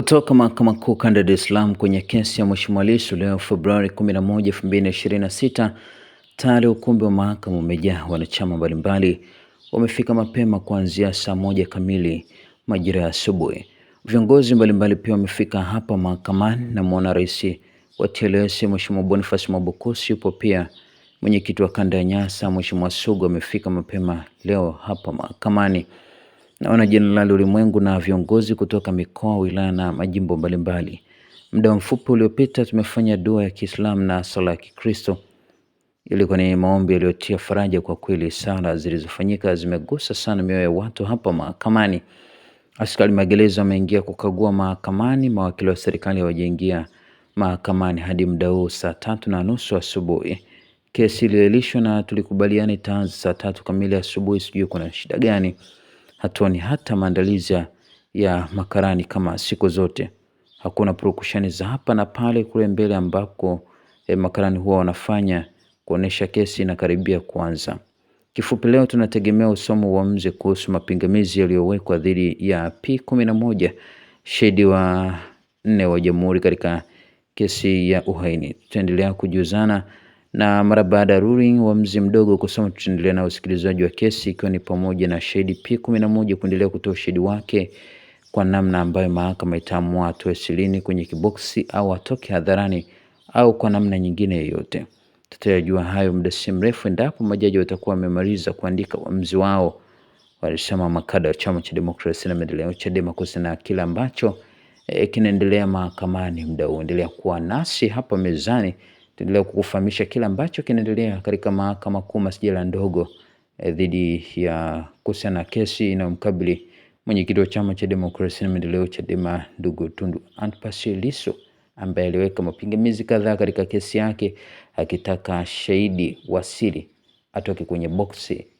kutoka Mahakama Kuu Kanda ya Dar es Salaam kwenye kesi ya Mheshimiwa Lissu leo Februari 11, 2026. Tayari ukumbi wa mahakama umejaa, wanachama mbalimbali wamefika mapema kuanzia saa moja kamili majira ya asubuhi. Viongozi mbalimbali pia wamefika hapa mahakamani na muona rais wa TLS Mheshimiwa Boniface Mwabukusi yupo, pia mwenyekiti wa kanda ya Nyasa Mheshimiwa Sugu amefika mapema leo hapa mahakamani. Naona Jenerali Ulimwengu na viongozi kutoka mikoa, wilaya na majimbo mbalimbali. Muda mfupi uliopita tumefanya dua ya Kiislamu na sala ya Kikristo. Ilikuwa ni maombi yaliyotia faraja kwa kweli. Sala zilizofanyika zimegusa sana mioyo ya watu hapa mahakamani. Askari magereza wameingia kukagua mahakamani, mawakili wa serikali hawajaingia mahakamani hadi muda huu saa tatu na nusu asubuhi. Kesi iliahirishwa na tulikubaliana itaanza saa tatu kamili asubuhi, sijui kuna shida gani hatuoni hata maandalizi ya makarani kama siku zote. Hakuna purukushani za hapa na pale kule mbele ambako eh, makarani huwa wanafanya kuonesha kesi inakaribia kuanza. Kifupi, leo tunategemea usomo wa mzee kuhusu mapingamizi yaliyowekwa dhidi ya P11 shahidi wa nne wa jamhuri katika kesi ya uhaini. Tutaendelea kujuzana na mara baada ya ruling uamuzi mdogo kusoma, tutaendelea na usikilizaji wa kesi ikiwa ni pamoja na shahidi P11 kuendelea kutoa ushahidi wake kwa namna ambayo mahakama itaamua atoe silini kwenye kiboksi au atoke hadharani au kwa namna nyingine yoyote. Tutayajua hayo muda si mrefu endapo majaji watakuwa wamemaliza kuandika uamuzi wao, walisema makada wa chama cha demokrasia na maendeleo Chadema kuhusiana na kile ambacho e, kinaendelea mahakamani. Muda huendelea kuwa nasi hapa mezani tuendelee kukufahamisha kila ambacho kinaendelea katika mahakama kuu masjala ndogo eh, dhidi ya kuhusiana na kesi inayomkabili mwenyekiti wa chama cha demokrasia na maendeleo Chadema ndugu Tundu Antipas Lissu ambaye aliweka mapingamizi kadhaa katika kesi yake akitaka shahidi wasili atoke kwenye boksi